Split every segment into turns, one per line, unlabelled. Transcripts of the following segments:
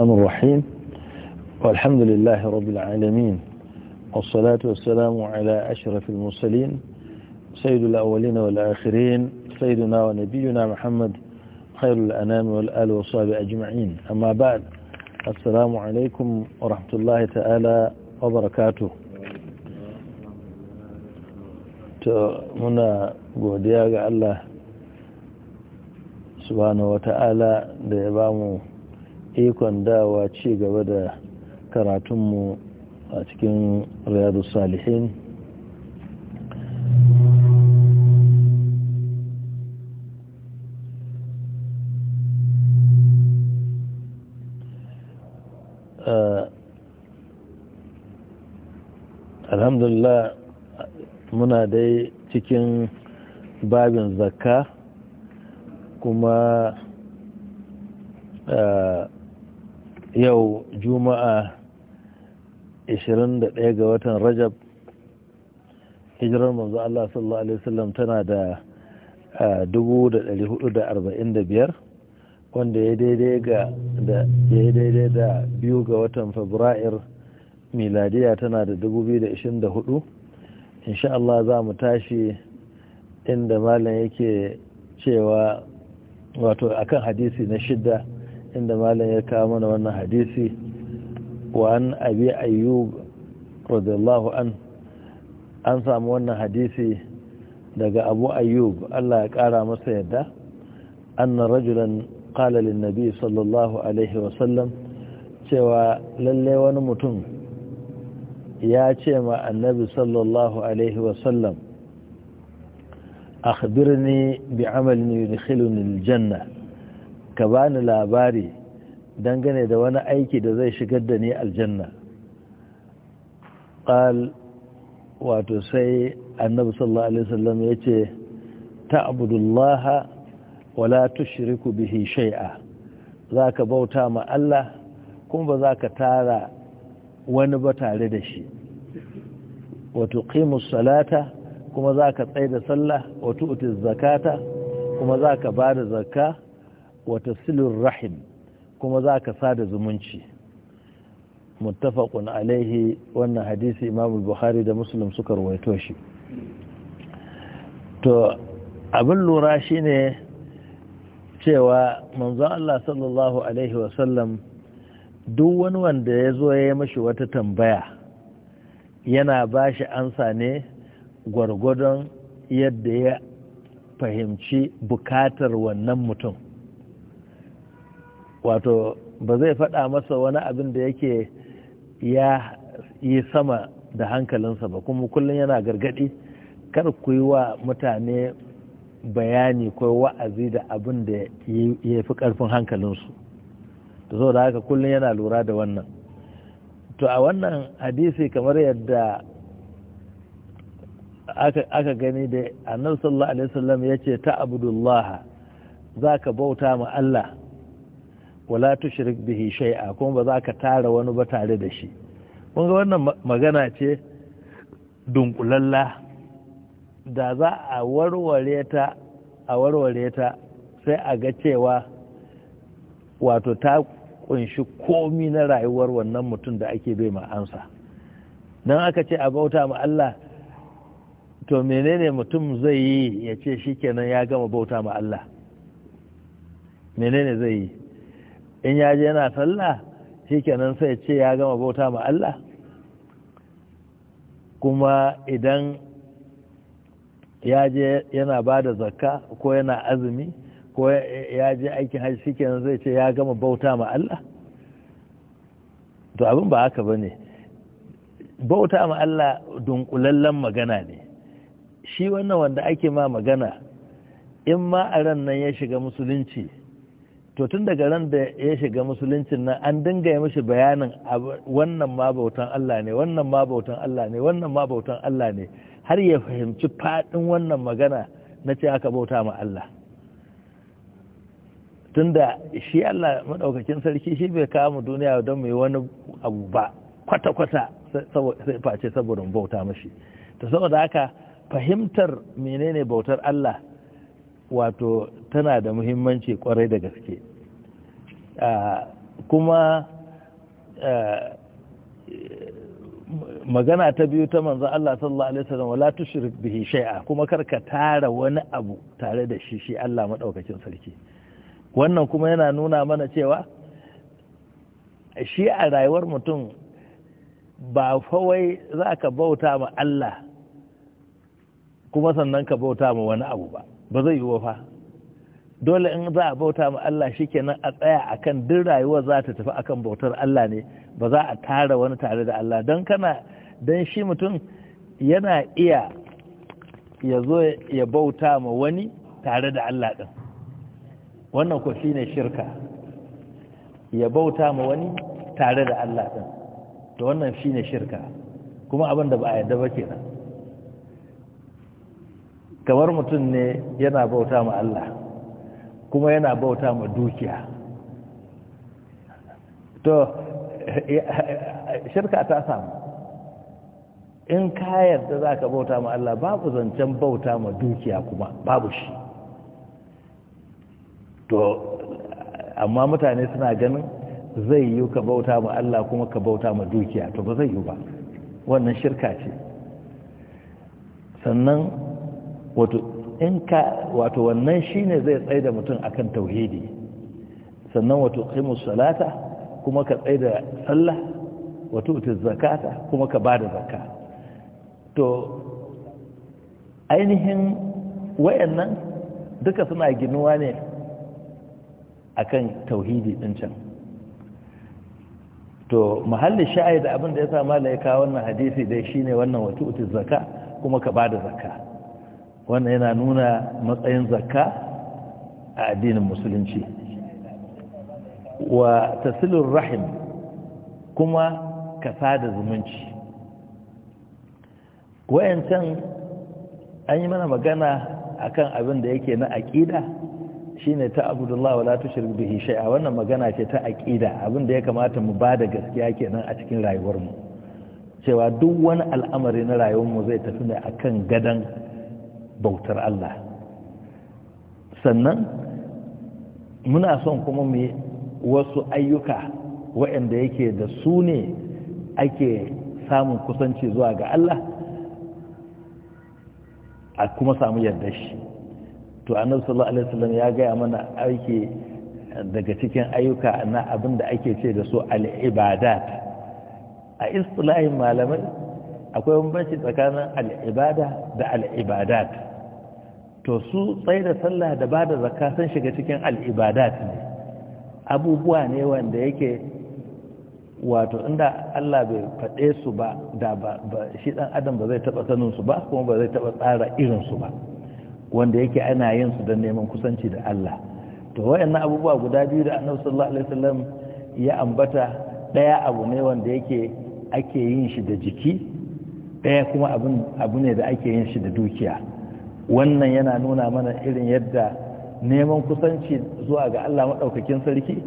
الرحمن الرحيم والحمد لله رب العالمين والصلاة والسلام على أشرف المرسلين سيد الأولين والآخرين سيدنا ونبينا محمد خير الأنام والآل والصحاب أجمعين أما بعد السلام عليكم ورحمة الله تعالى وبركاته منا godiya الله سبحانه وتعالى wa ikon dawa ci gaba da karatunmu a cikin riyadu salihin eh, alhamdulillah muna dai cikin babin zakka kuma eh, yau juma'a 21 ga watan rajab hijirar manzo Allah sallallahu alaihi wasallam tana da 1445 wanda ya daidai ga da ya daidai da biyu ga watan fabra'ir miladiya tana da 2024 insha Allah za mu tashi inda malam yake cewa wato akan hadisi na shidda inda malam ya kawo mana wannan hadisi wa an abi ayyub radiyallahu an an samu wannan hadisi daga abu ayyub Allah ya kara masa yadda anna rajulan kalalin nabi sallallahu alaihi wa cewa lalle wani mutum ya ce ma annabi sallallahu alaihi wa sallam akhbirni bi amalin yudkhiluni aljanna ka bani labari dangane da wani aiki da zai shigar da ni aljanna ƙal wato sai annabi sallallahu alaihi wasallam yace ta'budullaha wa la tushriku bihi shay'a ka bauta ma Allah kuma ba za ka tara wani ba tare da shi wa tuqimus salata kuma ka tsaye da sallah wa tu'tiz zakata kuma za ka ba da zakka wata silin rahim kuma za ka sada zumunci muttafaqun alaihi wannan hadisi imamul bukhari da muslim suka rawaito shi to abin lura shi ne cewa manzon Allah sallallahu alaihi wasallam duk wani wanda ya zo ya yi mashi wata tambaya yana ba shi ansa ne gwargwadon yadda ya fahimci bukatar wannan mutum wato ba zai faɗa masa wani abin da yake ya yi sama da hankalinsa ba kuma kullum yana gargaɗi kar ku yi wa mutane bayani ko wa'azi da abin da ya fi ƙarfin hankalinsu zo da haka kullum yana lura da wannan to a wannan hadisi kamar yadda aka gani da annabi sallallahu alaihi wasallam ya ce ta abdullah za ka bauta ma Allah wala shirik bihi shai'a kuma ba za ka tara wani ba tare da shi ga wannan magana ce dunkulalla da za a warware ta a warware ta sai a ga cewa wato ta kunshi komi na rayuwar wannan mutum da ake bai ma'ansa don aka ce a bauta ma Allah to menene mutum zai yi ya ce shi kenan ya gama bauta ma Allah menene zai yi in ya je yana sallah kenan sai ce ya gama bauta ma Allah kuma idan ya je yana ba da zakka ko yana azumi ko ya je aikin hajji kenan zai ce ya gama bauta ma Allah to abin ba haka ne bauta ma Allah dunkulallen magana ne shi wannan wanda ake ma magana in ma a ran nan ya shiga musulunci to tun daga ran da ya shiga musuluncin nan an dinga ya mishi bayanin wannan ma bautan Allah ne wannan ma bautan Allah ne wannan ma bautan Allah ne har ya fahimci faɗin wannan magana na ce aka bauta ma Allah tunda shi Allah maɗaukakin sarki shi bai kama duniya don mai wani abu ba kwata-kwata sai face saboda bauta mashi ta saboda haka fahimtar menene bautar Allah wato tana da muhimmanci kwarai da gaske kuma magana ta biyu ta manzo Allah sallallahu alaihi wasallam wala tushrik bihi shay'a kuma karka tara wani abu tare da shi shi Allah madaukakin sarki wannan kuma yana nuna mana cewa shi a rayuwar mutum ba fawai za ka bauta ma Allah kuma sannan ka bauta ma wani abu ba ba zai yi fa dole in za a bauta ma Allah shikenan a tsaya a kan duk rayuwar za ta tafi akan bautar Allah ne ba za a tara wani tare da Allah don kana don shi mutum yana iya ya zo ya bauta ma wani tare da Allah ɗin wannan ko shine shirka ya bauta ma wani tare da Allah ɗin to wannan shine shirka kuma abin da ba a yadda ba kenan kamar mutum ne yana bauta ma Allah kuma yana bauta ma dukiya to shirka ta samu in ka yarda za ka bauta ma Allah babu zancen bauta ma dukiya kuma babu shi to amma mutane suna ganin zai yi ka bauta ma Allah kuma ka bauta ma dukiya to ba zai yi ba wannan shirka ce sannan wato in ka wato wannan shine zai tsaye da mutum akan tauhidi sannan wato qimu salata kuma ka tsaye da sallah wato utiz zakata kuma ka bada zakka to ainihin wayannan duka suna ginuwa ne akan tauhidi din can to muhalli shaida abin da ya sa mala wannan hadisi dai shine wannan wato utiz zakka kuma ka bada zakka wannan yana nuna matsayin zakka a addinin musulunci wa tasilur rahim kuma ka sada zumunci wayancan an yi mana magana akan abin da yake na aƙida shine ta abdullahi wala tushir bihi a wannan magana ce ta aƙida abin da ya kamata mu ba da gaskiya kenan a cikin rayuwarmu cewa duk wani al'amari na rayuwarmu zai tafi ne akan gadan bautar Allah sannan muna son kuma mu wasu ayyuka waɗanda yake da su ne ake samun kusanci zuwa ga Allah a kuma samu yarda shi to annabi sallallahu alaihi wasallam ya gaya mana aiki daga cikin ayyuka na abinda ake ce da su al-ibadat a istilahin malamai akwai bambanci tsakanin al'ibada da al'ibadat to su tsaye da sallah da ba da zaka sun shiga cikin al'ibadat ne abubuwa ne wanda yake wato inda Allah bai faɗe su ba da ba shi ɗan adam ba zai taɓa sanin su ba kuma ba zai taɓa tsara irin su ba wanda yake ana yin su don neman kusanci da Allah to wayannan abubuwa guda biyu da annabi sallallahu alaihi wasallam ya ambata ɗaya abu ne wanda yake ake yin shi da jiki ɗaya kuma abu ne da ake yin shi da dukiya wannan yana nuna mana irin yadda neman kusanci zuwa ga Allah maɗaukakin sarki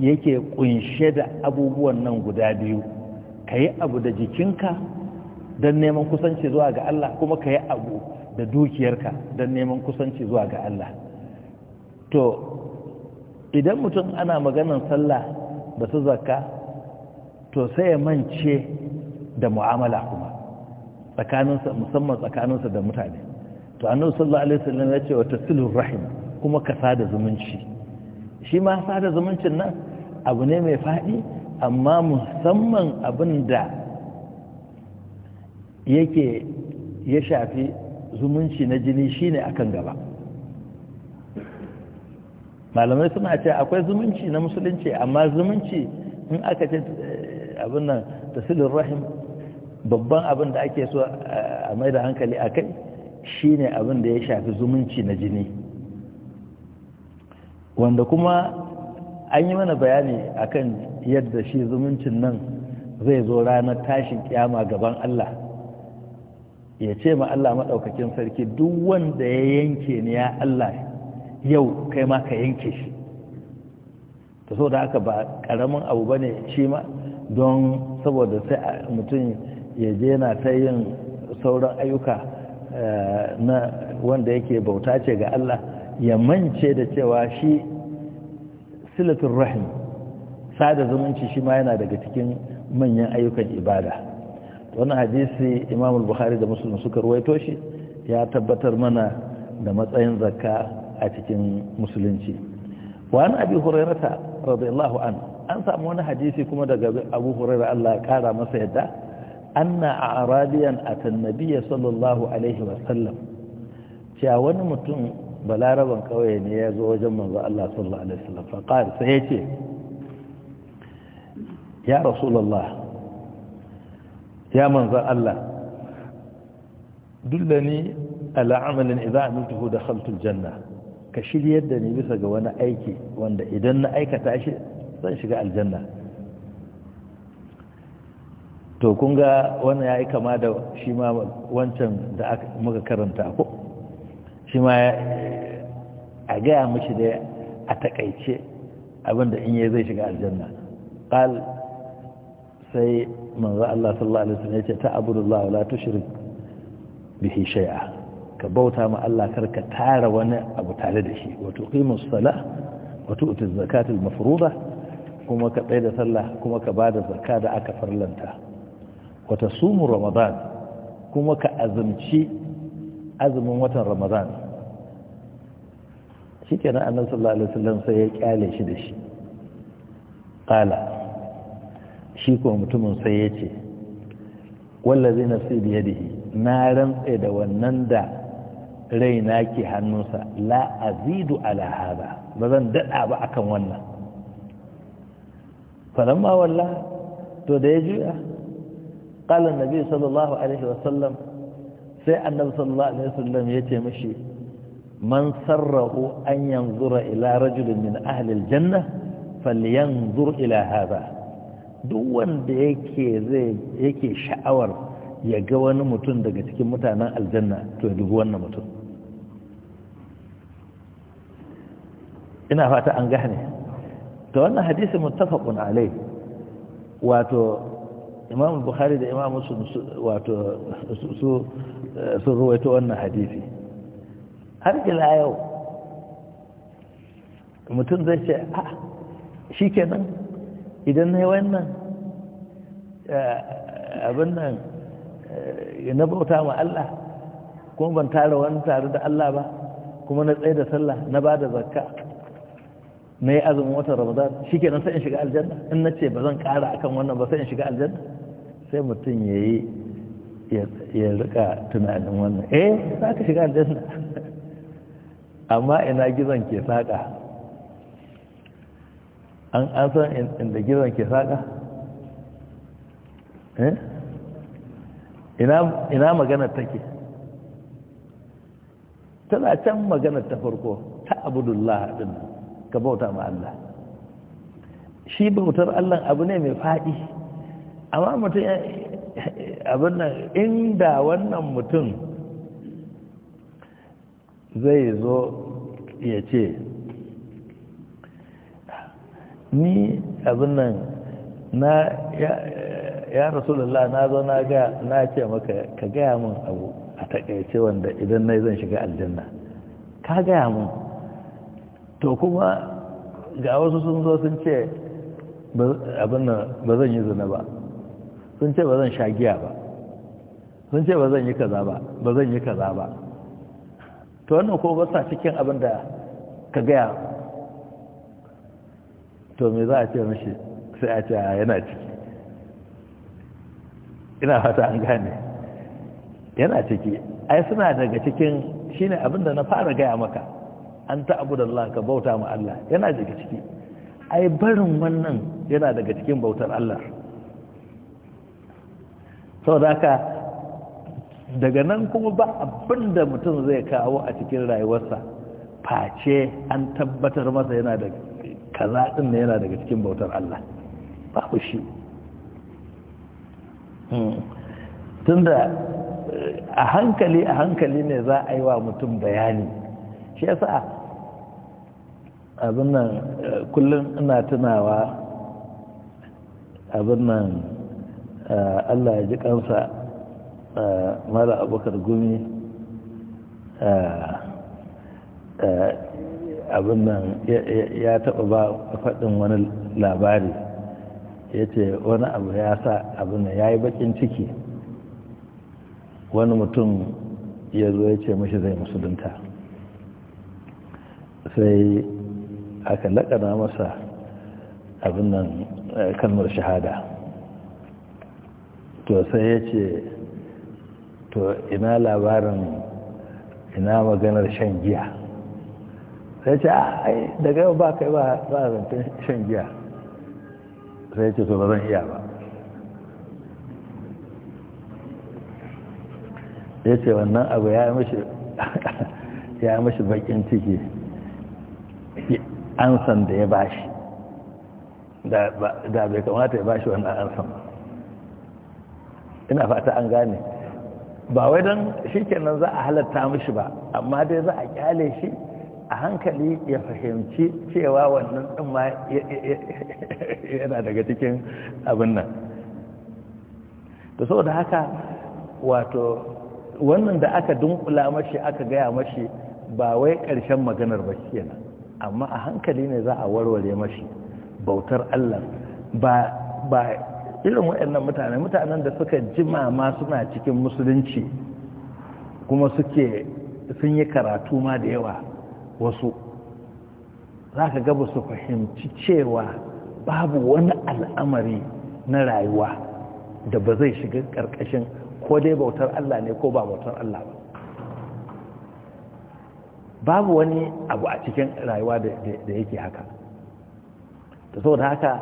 yake ƙunshe da abubuwan nan guda biyu ka yi abu da jikinka don neman kusanci zuwa ga Allah kuma ka yi abu da dukiyarka don neman kusanci zuwa ga Allah to idan mutum ana maganar sallah da su zakka to sai ya mance da mu'amala tsakaninsa musamman tsakaninsa da mutane to annabi sallallahu alaihi wasallam ya ce wa tasilur rahim kuma ka sada zumunci shi ma sada zumuncin nan abu ne mai faɗi amma musamman abin da yake ya shafi zumunci na jini shine akan gaba malamai suna ce akwai zumunci na musulunci amma zumunci in aka ce eh, abin nan tasilur rahim babban abin da ake so a mai da hankali a kai shi ne abin da ya shafi zumunci na jini wanda kuma an yi mana bayani akan yadda shi zumuncin nan zai zo ranar tashin kyama gaban Allah ya ce ma Allah maɗaukakin sarki duk wanda ya yanke ni ya Allah yau kai ma ka yanke shi ta so da haka ba ƙaramin abu ba ne shi ma don saboda sai mutum ya je na ta yin sauran ayyuka eh, na wanda yake bauta ce ga Allah ya mance da cewa shi silatun rahim sada zumunci shi ma yana daga cikin manyan ayyukan ibada wani hadisi imamul buhari da musulun suka ruwaito shi ya tabbatar mana da matsayin zakka a cikin musulunci wani abu hurairata radiyallahu an an samu wani hadisi kuma daga abu hurairar Allah ya kara masa yadda anna a arabiyan a tannabiya sallallahu alaihi wasallam cewa wani mutum balaraban kawai ne ya zo wajen manzo Allah sallallahu alaihi sai ya ce ya rasulullah ya manzo Allah dullani ala amalin idza amiltuhu dakhaltu aljanna ka shiryar da ni bisa ga wani aiki wanda idan na aikata shi zan shiga aljanna to kun ga wannan ya yi kama da shi ma wancan da muka karanta ko shi ma a gaya mashi da a takaice abinda in ya zai shiga aljanna ƙal sai manzo Allah sallallahu alaihi wasallam ya ce ta abudullah wala tushrik bihi shay'a ka bauta ma Allah karka tara wani abu tare da shi wato qimus salah wato utuz zakatul mafruḍa kuma ka tsaya da sallah kuma ka bada zakka da aka farlanta wata sumu ramadan kuma ka azumci azumin watan ramadan shi nan annabi sallallahu alaihi wasallam sai ya kyale shi da shi qala shi ko mutumin sai ya ce wallazi nafsi bi yadihi na rantsa da wannan da raina ke hannunsa la azidu ala hada ba zan dada ba akan wannan ma walla to da ya juya qala annabi sallallahu alaihi wasallam sai annabi sallallahu alaihi wasallam yace mishi man sarrahu an yanzura ila rajulin min ahli aljanna falyanzur ila hadha duk wanda yake zai yake sha'awar ya ga wani mutum daga cikin mutanen aljanna to ya dubi wannan mutum ina fata an gane to wannan hadisi muttafaqun alai wato imam Buhari da imam muslim wato su sun ruwaito wannan hadisi har ila yau mutum zai ce a shi kenan idan na yi wannan eh, abin nan eh, na bauta ma Allah kuma ban tara wani tare da Allah ba kuma na tsaye da sallah na ba da zakka na yi azumin watan ramadan shi kenan sai in shiga aljanna in na ce ba zan kara akan wannan ba sai in shiga aljanna sai mutum ya yi ya rika tunanin wannan eh za ka shiga aljanna amma ina gizon ke saƙa an an san inda gizon ke saƙa eh ina maganar take tana can maganar ta farko ta abudullah ɗin ka bauta ma Allah shi bautar Allah abu ne mai faɗi amma mutum abin nan inda wannan mutum zai zo ya ce ni abin nan na ya rasulullah na zo na ga na ce maka ka gaya min abu a taƙaice wanda idan na zan shiga aljanna ka gaya min to kuma ga wasu sun zo sun ce abin ba zan yi zina ba sun ce ba zan sha giya ba sun ce ba zan yi kaza ba ba zan yi kaza ba to wannan ko ba sa cikin abin da ka gaya to me za a ce mashi sai a ce yana ciki ina fata an gane yana ciki ai suna daga cikin shine abin da na fara gaya maka an da Allah ka bauta ma Allah yana daga ciki ai barin wannan yana daga cikin bautar Allah saboda haka daga nan kuma ba abin da mutum zai kawo a cikin rayuwarsa face an tabbatar masa yana da kaza din ne yana daga cikin bautar Allah babu shi hmm. tunda eh, a hankali a hankali ne za a yi wa mutum bayani shi yasa abin nan kullum ina tunawa abin nan eh, allah ya ji kansa eh, mara abokan gumi eh, abin nan ya taɓa ba faɗin wani labari ya ce wani abu ya sa abin nan ya yi baƙin ciki wani mutum ya zo ya ce mashi zai musulunta sai aka laƙana masa abin nan eh, kalmar shahada to sai ya ce to ina labarin ina maganar shan giya sai ce ah, ai daga yau ba kai ba zancen shan giya sai ce to ba zan iya ba ya ce wannan abu ya yi mashi bakin ciki ansan da ya bashi da bai kamata ya bashi wannan ansan ina fata an gane ba wai don shi kenan za a halatta mishi ba amma dai za a kyale shi a hankali ya fahimci cewa wannan din ma yana daga cikin abin nan da saboda haka wato wannan da aka dunkula mashi aka gaya mashi ba wai ƙarshen maganar ba kenan amma a hankali ne za a warware mashi bautar Allah ba irin waɗannan mutane mutanen da suka jima ma suna cikin musulunci kuma suke sun yi karatu ma da yawa wasu za ka gaba su fahimci cewa babu wani al'amari na rayuwa da ba zai shiga ƙarƙashin ko dai bautar Allah ne ko ba bautar Allah ba babu wani abu a cikin rayuwa da yake haka da saboda haka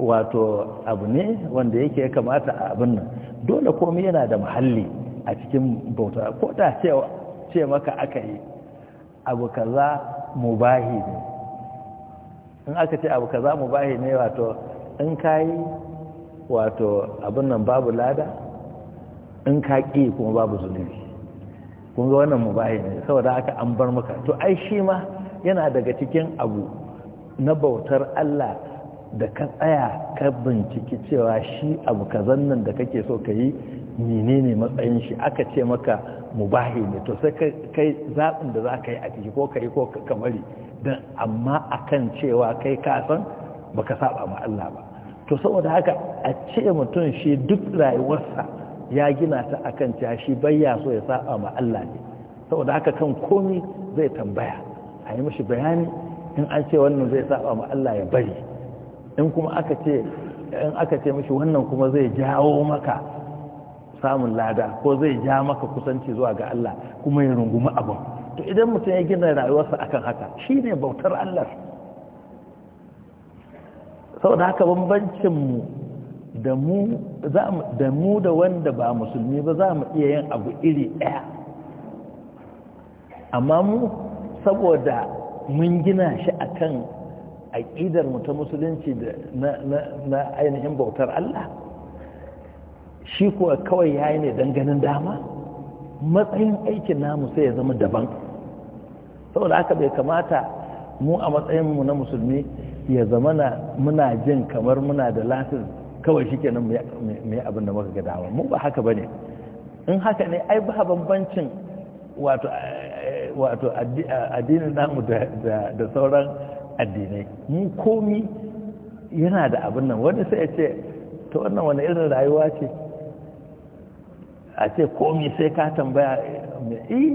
wato abu ne wanda yake ya kamata a abin nan dole komai yana da muhalli a cikin bauta ko da ce maka aka yi abu kaza mubahi ne in aka ce abu kaza mubahi ne wato in yi, wato abin nan babu lada in ka ƙi kuma babu zunubi kun ga wannan mubahi ne saboda haka an bar maka to ai shi ma yana daga cikin abu na bautar Allah da ka tsaya ka binciki cewa shi abu kazan nan da kake so ka yi ne matsayin shi aka ce maka mubahi ne to sai kai zaɓin da za ka yi a ciki ko ka yi ko ka kamari don amma akan cewa kai kasan baka saba ma Allah ba to saboda haka a ce mutum shi duk rayuwarsa ya gina ta a akan cashi bayya so ya saba ma Allah ne saboda haka kan komi zai tambaya a yi mashi bayani in an ce wannan zai saba ma Allah ya bari in kuma aka ce in aka ce mashi wannan kuma zai jawo maka samun lada ko zai ja maka kusanci zuwa ga Allah kuma ya rungumi abin to idan mutum ya gina rayuwarsa akan haka shi ne bautar Allah saboda haka bambancin mu da mu da wanda ba musulmi ba za mu iya yin abu iri ɗaya amma mu saboda mun gina shi a kan aƙidar mu ta musulunci na ainihin bautar Allah shi kuwa kawai ya yi ne don ganin dama matsayin aikin namu sai ya zama daban saboda aka bai kamata mu a matsayin mu na musulmi ya zama muna jin kamar muna da lafin kawai shi nan mai abin da muka gadawa mu ba haka ba ne in haka ne ai ba bambancin wato addinin namu da sauran addinai mu komi yana da abin nan wani sai ya ce ta wannan wani irin rayuwa ce a ce komi sai ka tambaya eh,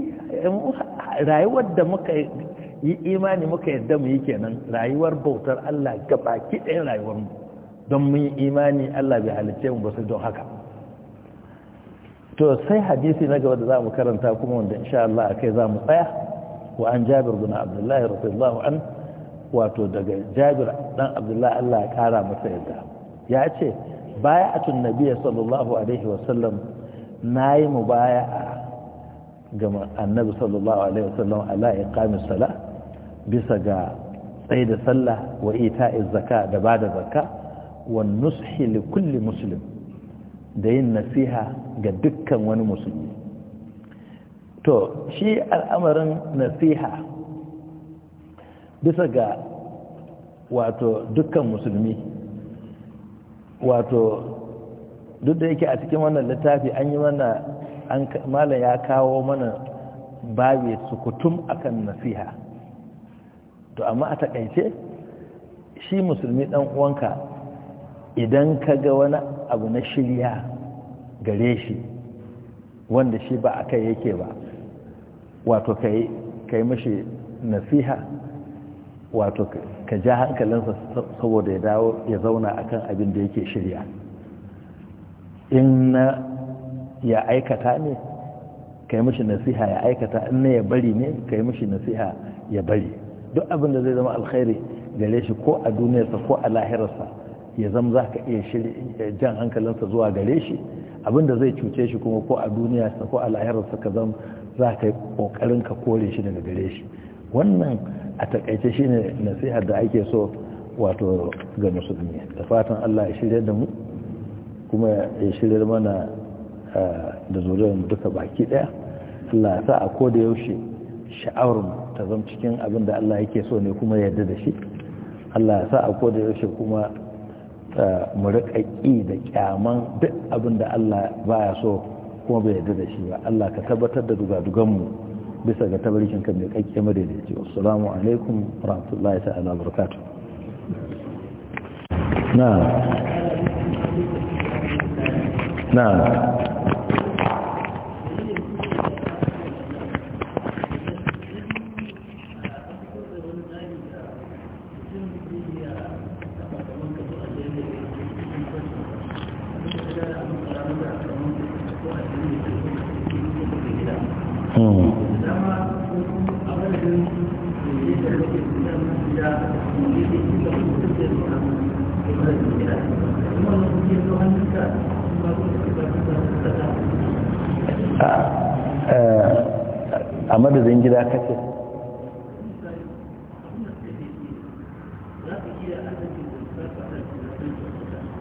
rayuwar da muka yi imani muka yadda mu yi kenan rayuwar bautar Allah gaba kiɗayen rayuwar mu don mun yi imani Allah bai halitta mu ba sai don haka to sai hadisi na gaba da zamu karanta kuma wanda insha Allah akai zamu tsaya wa an Jabir bin Abdullah radiyallahu an wato daga Jabir dan Abdullah Allah ya kara masa yadda ya ce bai'atun nabiy sallallahu alaihi wa wasallam nayi mubaya'a ga annabi sallallahu alaihi wa wasallam ala iqamis sala bisa ga tsaye da sallah wa ita'iz zakka da bada zakka wa nushi li kulli da yin nasiha ga dukkan wani musulmi to shi al'amarin nasiha bisa ga wato dukkan musulmi wato duk da yake a cikin wannan littafi an yi mana malam ya kawo mana babi sukutum akan nasiha to amma a takaice shi musulmi dan uwanka idan ka ga wani abu na shirya gare shi wanda shi ba a kai yake ba wato ka yi mashi nasiha wato ka ja hankalinsa saboda ya dawo ya zauna akan abin da yake shirya in na ya aikata ne ka yi mashi nasiha ya aikata in na ya bari ne ka yi mashi nasiha ya bari duk abin da zai zama alkhairi gare shi ko a duniyarsa ko a lahirarsa ya zama za ka iya jan hankalinsa zuwa gare shi abinda zai cuce shi kuma ko a duniya sa ko a lahirarsa ka zama za ka yi ƙoƙarin ka kore shi daga gare shi wannan a takaice shi ne nasihar da ake so wato ga musulmi da fatan allah ya shirya da mu kuma ya shirya mana da zuriyar duka baki ɗaya allah sa a ko da yaushe sha'awar ta zama cikin abin da allah yake so ne kuma yadda da shi allah sa a ko da yaushe kuma Eh, mu riƙa ƙi da ƙyaman duk abin da Allah baya so kuma bai yarda da shi ba Allah ka tabbatar da mu bisa ga tabarikin ka mai ƙaƙƙe madaidaici assalamu alaikum rahmatullahi ta'ala barakatuh na
na
madadin gida kake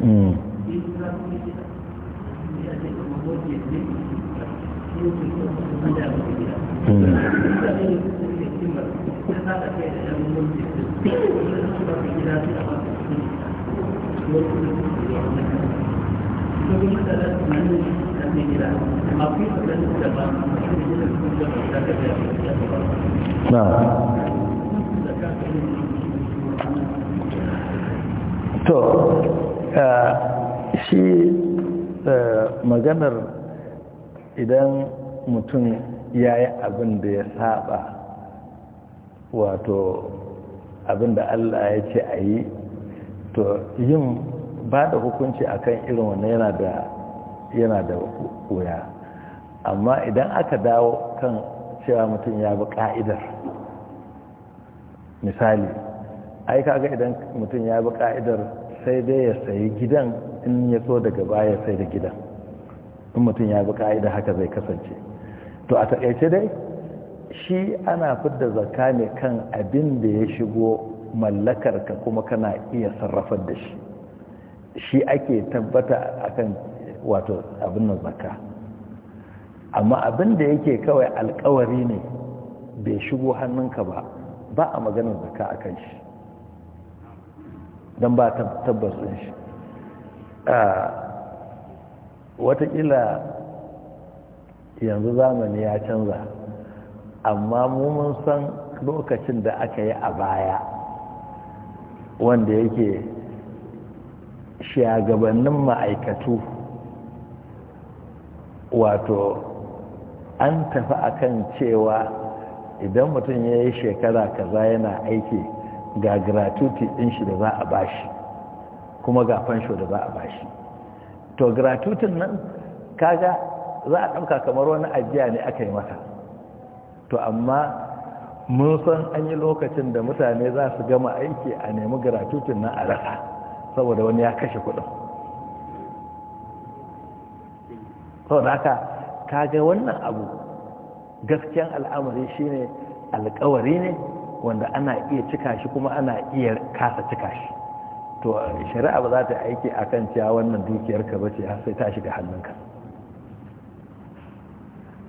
mm maganar idan mutum ya yi abin da ya saba wato abin da Allah ya ce a yi to yin ba da hukunci akan irin wani yana da yana da wuya amma idan aka dawo kan cewa mutum ya bi ka'idar misali ai kaga idan mutum ya bi ka'idar sai dai ya sayi gidan in ya so daga baya sai da gidan in mutum ya bi ka'ida haka zai kasance to a taƙaice dai shi ana fidda zakka ne kan abin da ya shigo mallakarka kuma kana iya sarrafar da shi shi ake tabbata akan wato abin nan zakka amma abin da yake kawai alkawari ne bai shigo hannunka ba ba a maganar zakka kan shi don ba tabbas shi ah, watakila yanzu zamani ya canza amma mu mun san lokacin da aka yi a baya wanda yake shagabannin ma'aikatu wato an tafi a kan cewa idan mutum ya yi shekara kaza yana aiki ga gratuity ɗin shi da za a bashi kuma ga fansho da za a bashi to gratuitin nan kaga za a ɗauka kamar wani ajiya ne aka yi mata to amma mun san an yi lokacin da mutane za su gama aiki a nemi gratuitin nan a rasa saboda wani ya kashe kuɗin sau haka kaga wannan abu gaskiyan al'amari shine alkawari ne wanda ana iya cika shi kuma ana iya kasa cika shi to shari'a ba za ta aiki a kan cewa wannan dukiyarka ba ce sai ta shiga hannunka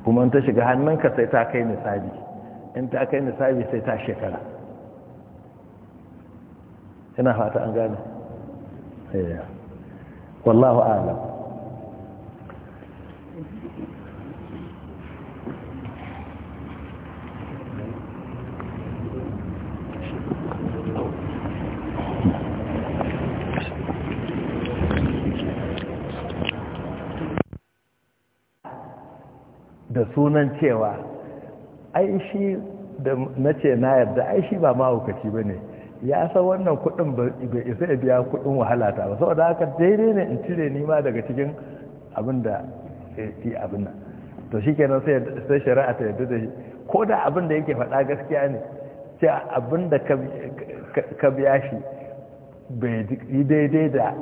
kuma ta shiga hannunka sai ta kai nisabi in ta kai nisabi sai ta shekara ina fata an gane eh. wallahu alam da sunan cewa Aishi shi da na ce na yarda ai ba mahaukaci ba ne ya san wannan kudin bai isa ya biya kudin wahalata ba saboda haka daidai ne in cire nima daga cikin abin da fi abin nan to shi kenan sai shari'a ta yarda da shi ko da abin da yake faɗa gaskiya ne ce abin da ka biya shi bai daidai da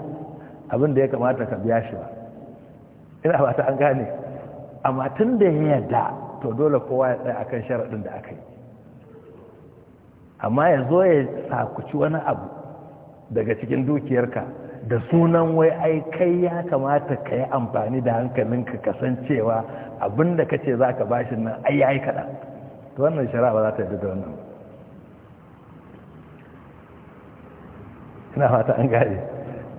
abin da ya kamata ka biya shi ba ina ba ta an gane amma tun da ya yarda to dole kowa ya tsaya akan sharaɗin da aka yi amma ya zo ya sakuci wani abu daga cikin dukiyarka da sunan wai ai kai ya kamata ka yi amfani da hankalinka kasancewa abinda ka ce za ka bashi nan ai ya yi kaɗan to wannan shari'a ba za ta yi da wannan ina fata an gari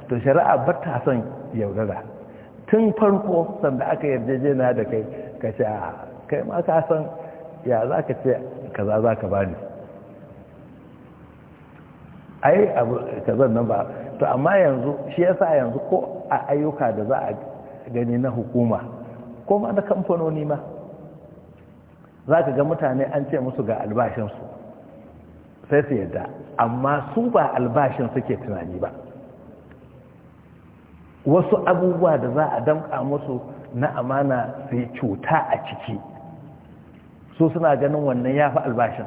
to shari'a ba ta son yaudara tun farko sanda aka yarjejena da kai ka ce a kai ma ka san ya za ka ce kaza za ka bani ai abu ka zan nan ba to amma yanzu shi yasa yanzu ko a ayyuka da za a gani na hukuma ko ma na kamfanoni ma za ka ga mutane an ce musu ga albashinsu sai su yadda amma su ba albashin suke tunani ba wasu abubuwa da za a damƙa musu na amana sai cuta a ciki so suna ganin wannan ya fi albashin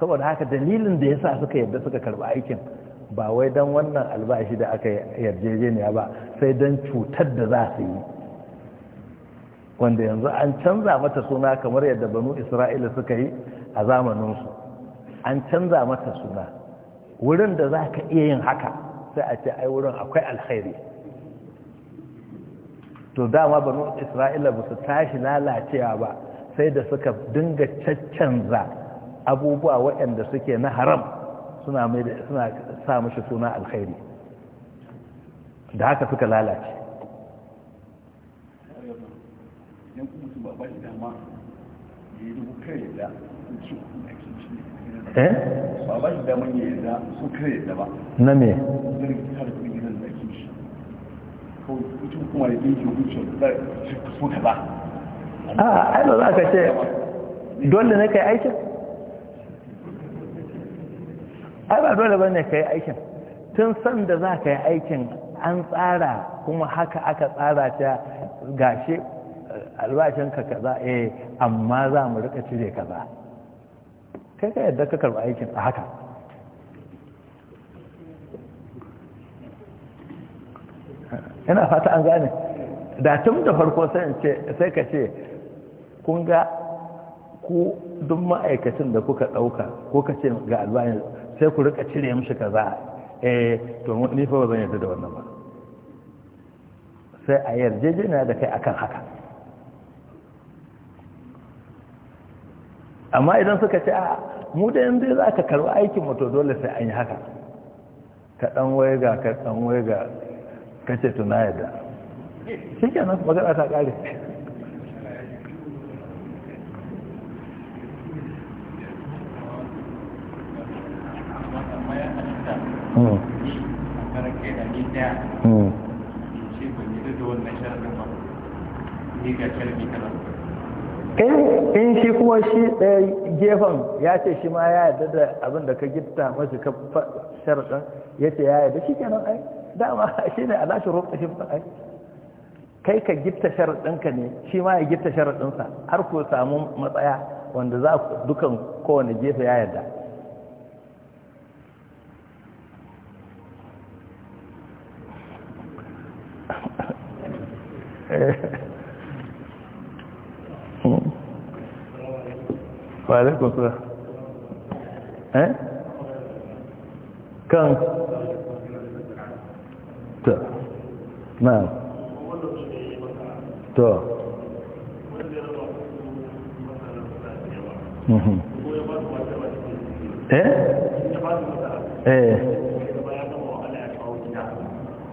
saboda haka dalilin da ya sa suka yadda suka karba aikin ba wai don wannan albashi da aka yarjejeniya ba sai don cutar da za su yi wanda yanzu an canza mata suna kamar yadda banu isra'ila suka yi a zamaninsu an canza mata suna wurin da za ka iya yin haka sai a ce ai wurin akwai alkhairi to dama banu isra'ila ba su tashi lalacewa ba sai da suka dinga caccanza abubuwa waɗanda suke na haram suna sa mashi suna alkhairi da haka suka lalace eh?
da na me kawai ita da
ba za ka ce dole ne aikin aikin tun san da za ka yi aikin an tsara kuma haka aka tsara ta gashe albashinka kaza a eh, amma za mu rika cire kaza kai ka yadda ka karba aikin a haka yana fata an gane da tun da farko sai ka ce kun ga ku duk ma'aikacin da kuka ɗauka ko ka ce ga albayan sai ku rika cire mishi kaza eh to ni fa ba zan yarda da wannan ba sai a yarjejena da kai akan haka amma idan suka ce a mu da yanzu za ka karɓi aikin mutu dole sai an yi haka ka ɗan waiga ka ɗan waiga kace to na yadda
shi nan magana ta kare hmm. hmm. eh,
in shi kuma shi ɗaya gefen ya ce shi ma ya yarda da abin da ka gita masu ka sharaɗin ya ce ya yarda shi ke nan ai dama shi ne a lashe shi faɗa kai ka gifta sharaɗinka ne shi ma ya gifta sharaɗinsa har ku samu matsaya wanda za dukan kowane gefe ya yarda
wa eh kan na to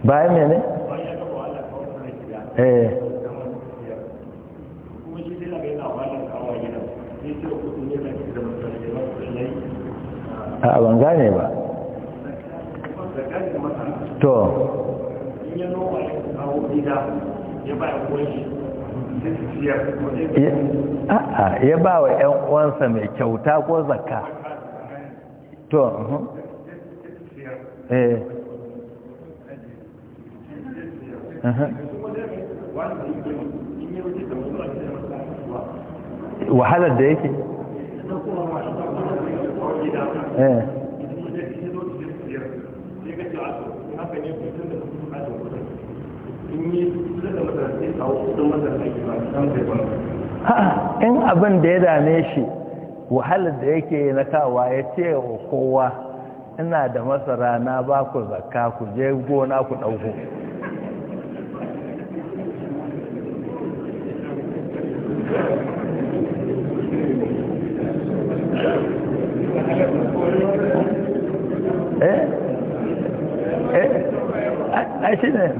ban gane ba to gida ya
ba 'yan uwansa mai kyauta ko zakka uh-huh.
eh. uh-huh.
wahalar da yake eh. in abin da ya dame shi wahalar da yake na kawa ya ce wa kowa ina da masara na ba ku zakka ku je gona ku ɗauko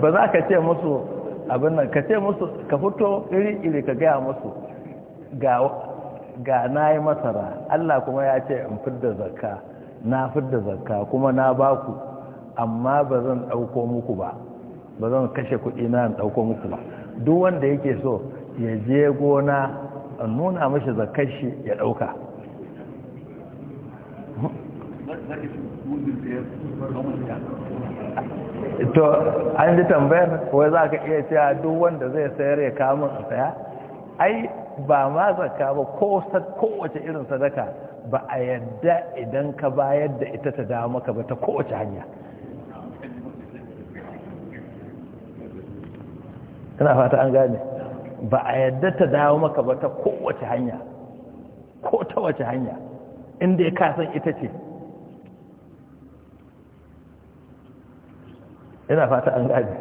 ba za ka ce musu abin nan ka ce musu ka fito iri-iri ka gaya musu ga na yi masara Allah kuma ya ce in fidda zakka na fidda zakka kuma na baku amma ba zan ɗauko muku ba ba zan kashe kuɗi na ɗauko muku ba duk wanda yake so ya je gona nuna mashi zarkar shi ya ɗauka
to an ji
tambayar wai za ka iya cewa duk wanda zai sayar ya kamun a saya ai ba ma zaka ba kowace irin sadaka ba a yadda idan ka bayar da ita ta dawo maka ba ta kowace hanya Kana fata an gane ba a yadda ta dawo maka ba ta kowace hanya ko ta wace hanya inda ya kasan ita ce ina fata an gaji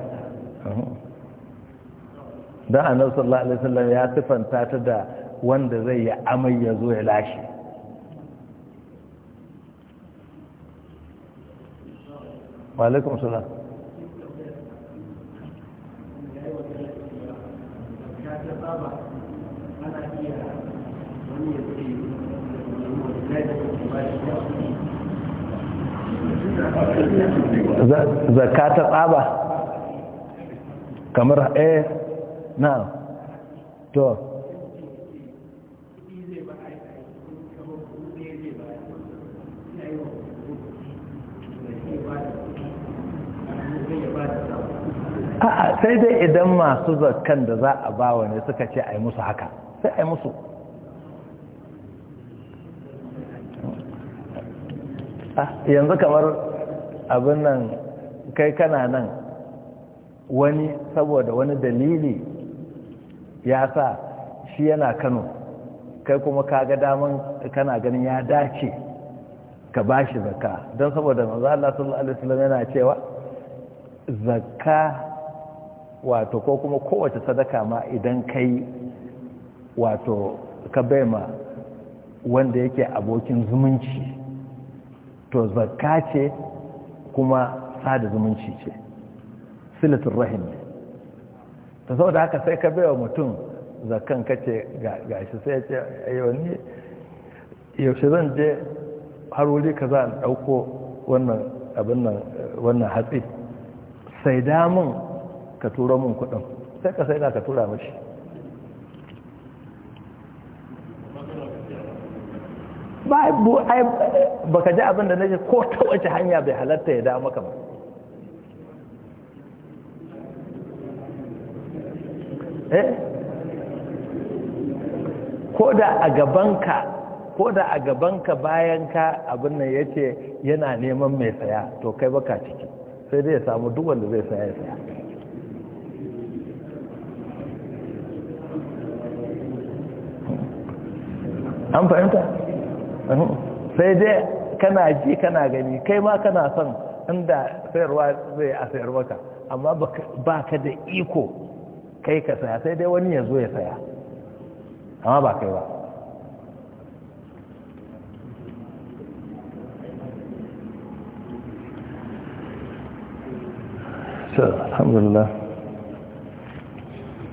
don annabi sallallahu alaihi wasallam ya sifanta ta da wanda zai yi amai ya zo ya lashe
wa alaikum salam Thank you. Zaka ta tsaba
kamar eh na to
a'a sai dai
idan masu zakan da za a bawa ne suka ce a yi musu haka sai a yi musu ah, yanzu kamar abin nan kai kana nan wani saboda wani dalili ya sa shi yana kano kai kuma kaga daman kana ganin ya dace ka bashi zaka don saboda maza Allah sallallahu alaihi wasallam yana cewa zakka wato ko kuma kowace sadaka ma idan kai wato ka bai ma wanda yake abokin zumunci to zakka ce kuma sada zumunci ce silatul rahim ne ta saboda haka sai ka baiwa mutum zakan kace ga shi sai ce ayyawani yaushe zan je har wuri ka za a ɗauko wannan abin nan wannan hatsi sai damun ka tura mun kudin sai ka sai ka tura mashi ba ka ji abin da na ce ko ta wace hanya bai halatta ya da maka ba eh ko da a gabanka ko da a gabanka bayanka abin nan ya ce yana neman mai saya to kai baka ciki sai dai ya samu duk wanda zai saya ya saya an fahimta sai dai kana ji kana gani kai ma kana son inda sayarwa zai a sayar maka amma ba ka da iko kai ka saya sai dai wani ya zo ya saya amma ba kai ba
so alhamdulillah